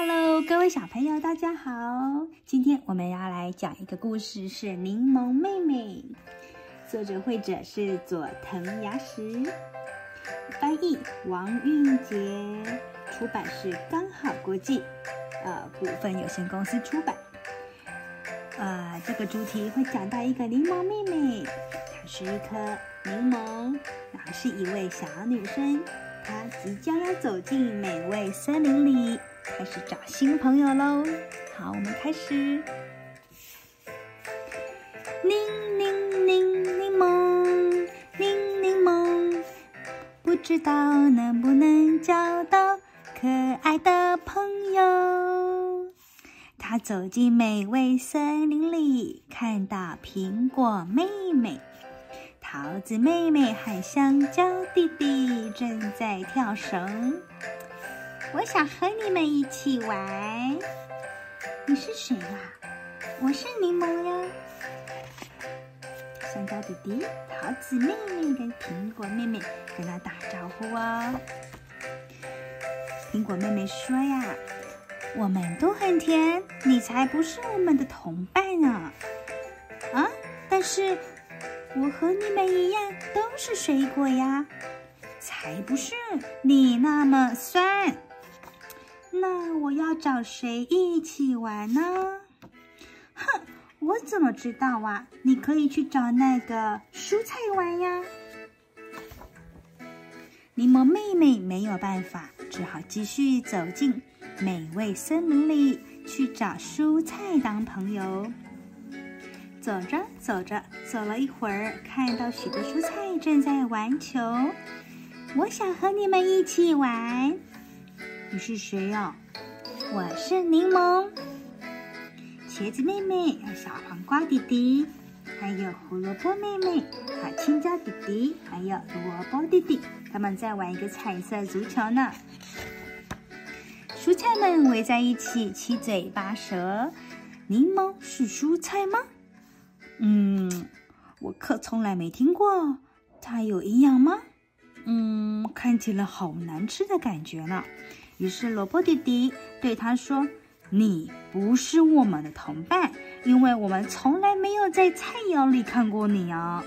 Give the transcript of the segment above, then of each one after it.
Hello，各位小朋友，大家好！今天我們要來講一個故事，是《檸檬妹妹》，作者、繪者是佐藤芽實，翻譯王蘊潔，出版社剛好國際呃股份有限公司出版。啊、呃，這個主題會講到一個檸檬妹妹，她是一顆檸檬，然後是一位小女生，她即將要走進美味森林裡。開始找新朋友嘍！好，我們開始。檸檸檸檸檬，檸檸檬，不知道能不能交到可愛的朋友。他走進美味森林裡，看到蘋果妹妹、桃子妹妹和香蕉弟弟正在跳繩。我想和你們一起玩。你是誰呀、啊？我是檸檬呀。香蕉弟弟、桃子妹妹跟蘋果妹妹跟他打招呼哦、啊。蘋果妹妹說呀：“我們都很甜，你才不是我們的同伴呢、啊。”啊！但是我和你們一樣都是水果呀。才不是，你那麼酸。那我要找誰一起玩呢？哼，我怎麼知道啊？你可以去找那個蔬菜玩呀。檸檬妹妹沒有辦法，只好繼續走進美味森林裡去找蔬菜當朋友。走着走着，走了一會兒，看到許多蔬菜正在玩球。我想和你們一起玩。你是誰呀、哦？我是檸檬。茄子妹妹，小黃瓜弟弟，還有胡蘿蔔妹妹，還有青椒弟弟，還有蘿蔔弟弟，他們在玩一個彩色足球呢。蔬菜們圍在一起，七嘴八舌。檸檬是蔬菜嗎？嗯，我可從來沒聽過。它有營養嗎？嗯，看起來好難吃的感覺呢。於是蘿蔔弟弟對他說：“你不是我們的同伴，因為我們從來沒有在菜餚裡看過你啊、哦。”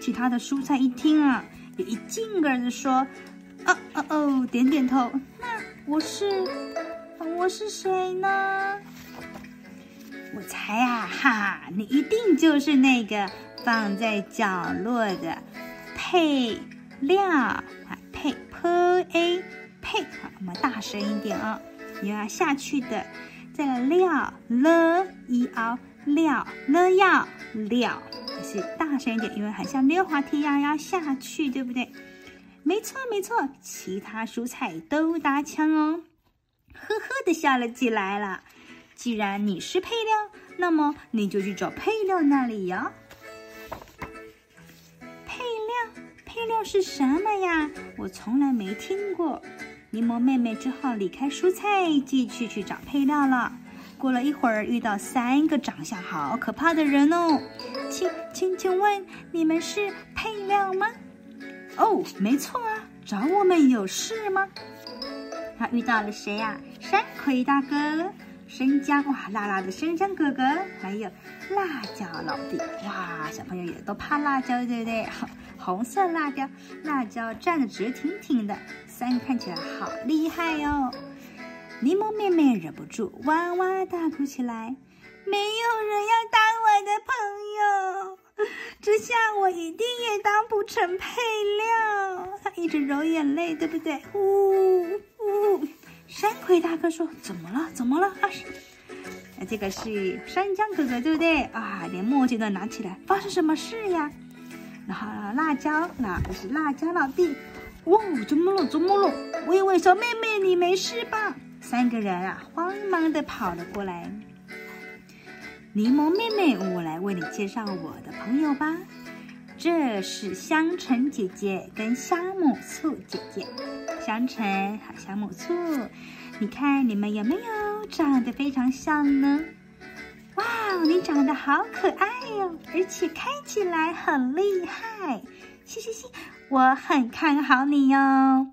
其他的蔬菜一聽啊，也一勁兒的說：“哦哦哦！”點點頭。那我是我是誰呢？我猜啊哈，你一定就是那個放在角落的配料啊，配潑 a。嘿、hey，我們大聲一點啊、哦！又要下去的，再來料了一 a o 了要料，還是大聲一點，因為很像溜滑梯呀、啊，要下去，對不對？沒錯沒錯，其他蔬菜都搭腔哦。呵呵的笑了起來了。既然你是配料，那麼你就去找配料那裡呀。配料，配料是什麼呀？我從來沒聽過。檸檬妹妹只好離開蔬菜，繼續去找配料了。過了一會兒，遇到三個長相好可怕的人哦，請請請問，你們是配料嗎？哦，沒錯啊，找我們有事嗎？他遇到了誰呀？山葵大哥、生薑哇，辣辣的生薑哥哥，還有辣椒老弟哇，小朋友也都怕辣椒，對不對？紅色辣椒，辣椒站得直挺挺的，三看起來好厲害喲、哦。檸檬妹妹忍不住哇哇大哭起來，沒有人要當我的朋友，這下我一定也當不成配料。他一直揉眼淚，對不對？嗚、哦、嗚、哦。山葵大哥說：“怎麼了？怎麼了？”啊，這個是山薑哥哥，對不對？啊，連墨鏡都拿起來，發、啊、生什麼事呀？然後辣椒，那不是辣椒老弟，哇、哦！怎麼了？怎麼了？微微說：“妹妹，你沒事吧？”三個人啊，慌忙的跑了過來。檸檬妹妹，我來為你介紹我的朋友吧。這是香橙姐姐跟香母醋姐姐。香橙，和香母醋，你看你們有沒有長得非常像呢？哦、你長得好可愛喲、哦，而且看起來很厲害，嘻嘻嘻，我很看好你喲、哦。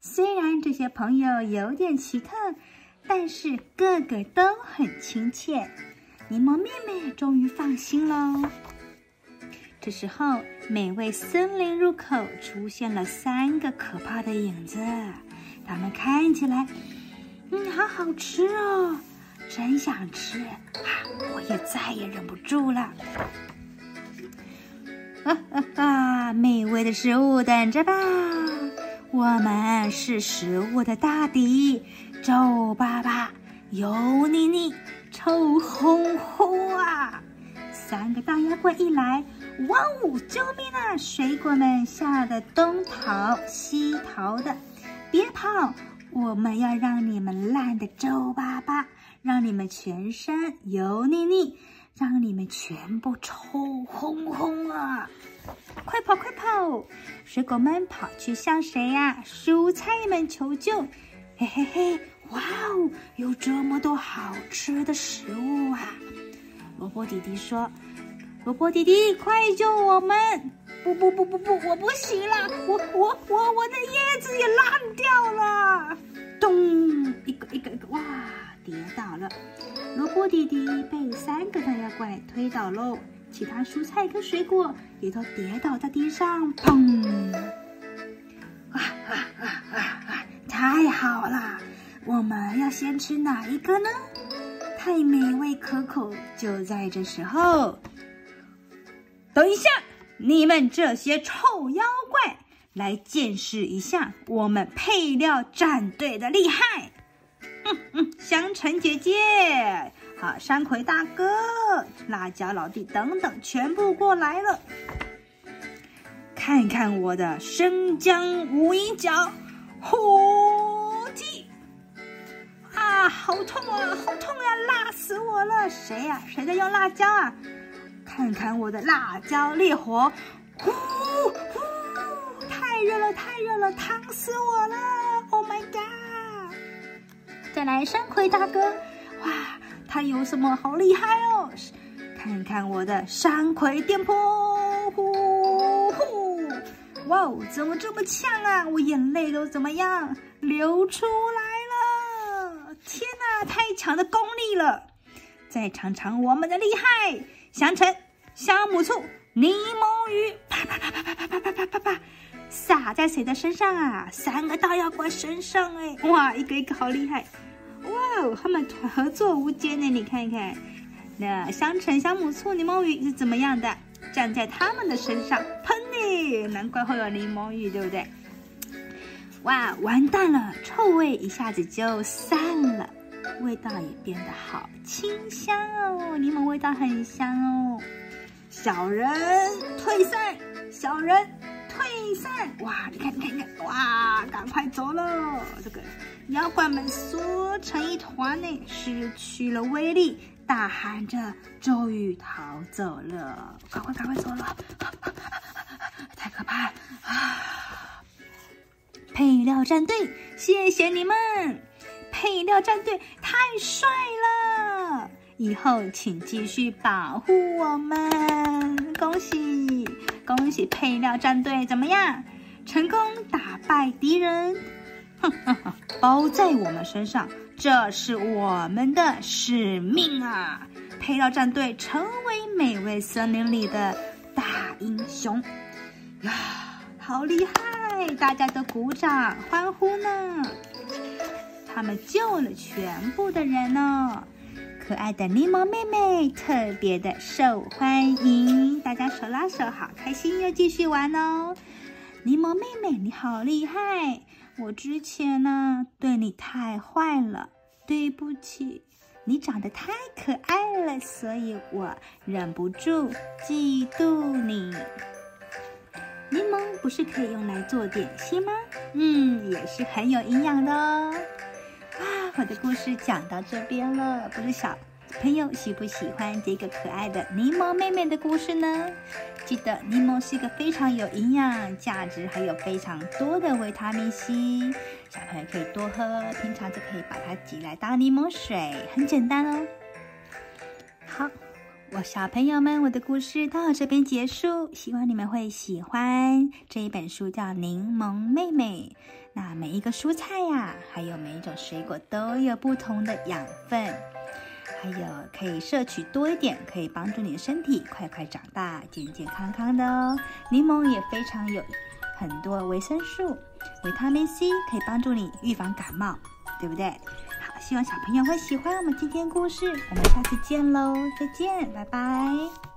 雖然這些朋友有點奇特，但是個個都很親切。檸檬妹妹終於放心嘍。這時候，美味森林入口出現了三個可怕的影子，它們看起來，嗯，好好吃哦。真想吃啊！我也再也忍不住了。哈哈哈！美味的食物等着吧。我們是食物的大敵，皺巴巴、油膩膩、臭烘烘啊！三個大妖怪一來，哇哦！救命啊！水果們嚇得東逃西逃的。別跑！我們要讓你們爛的皺巴巴。讓你們全身油膩膩，讓你們全部臭烘烘啊！快跑快跑！水果們跑去向誰呀、啊？蔬菜們求救！嘿嘿嘿，哇哦，有這麼多好吃的食物啊！蘿蔔弟弟說：“蘿蔔弟弟，快救我們！”不不不不不，我不行了，我我我我的葉子也爛掉了。咚，一個一個一個，哇！跌倒了，蘿蔔弟弟被三個大妖怪推倒嘍，其他蔬菜跟水果也都跌倒在地上，砰！啊啊啊啊啊，太好了，我們要先吃哪一個呢？太美味可口，就在這時候，等一下，你們這些臭妖怪，來見識一下我們配料戰隊的厲害！嗯，香橙姐姐，好，山葵大哥，辣椒老弟，等等，全部過來了。看看我的生薑無影腳，呼踢！啊，好痛啊，好痛呀、啊，辣死我了！誰呀、啊？誰在用辣椒啊？看看我的辣椒烈火，呼呼，太熱了，太熱了，燙死我了！再來山葵大哥，哇，他有什麼好厲害哦？看看我的山葵店鋪，呼呼！哇哦，怎麼這麼嗆啊？我眼淚都怎麼樣流出來了？天哪，太強的功力了！再嚐嚐我們的厲害，香橙、香母醋、檸檬魚，啪啪啪啪啪啪啪啪啪啪。灑在誰的身上啊？三個大妖怪身上哎、欸！哇，一個一個好厲害！哇哦，他們合作無間呢、欸！你看一看，那香橙、香母醋、檸檬雨是怎麼樣的？站在他們的身上，噴你，難怪會有檸檬雨對不對？哇，完蛋了，臭味一下子就散了，味道也變得好清香哦，檸檬味道很香哦。小人退散，小人。退散！哇，你看，你看，你看！哇，趕快走了！這個妖怪們縮成一團呢，失去了威力，大喊着咒語，逃走了。趕快，趕快走了、啊啊啊啊、太可怕了！啊、配料戰隊，謝謝你們！配料戰隊太帥了！以後請繼續保護我們，恭喜！恭喜！配料戰隊怎麼樣？成功打敗敵人呵呵呵，包在我們身上，這是我們的使命啊！配料戰隊成為美味森林裡的大英雄呀、啊！好厲害！大家都鼓掌歡呼呢。他們救了全部的人呢、哦。可愛的檸檬妹妹特別的受歡迎，大家手拉手好，好開心，又繼續玩哦。檸檬妹妹，你好厲害！我之前呢對你太壞了，對不起。你長得太可愛了，所以我忍不住嫉妒你。檸檬不是可以用來做點心嗎？嗯，也是很有營養的哦。我的故事講到這邊了，不知小朋友喜不喜歡這個可愛的檸檬妹妹的故事呢？記得檸檬是一個非常有營養價值，還有非常多的維他命 C，小朋友可以多喝，平常就可以把它擠來當檸檬水，很簡單哦。好，我小朋友們，我的故事到這邊結束，希望你們會喜歡這一本書，叫《檸檬妹妹》。那每一個蔬菜呀、啊，還有每一種水果都有不同的養分，還有可以攝取多一點，可以幫助你的身體快快長大、健健康康的哦。檸檬也非常有很多維生素，維他命 C 可以幫助你預防感冒，對不對？好，希望小朋友會喜歡我們今天的故事，我們下次見嘍，再見，拜拜。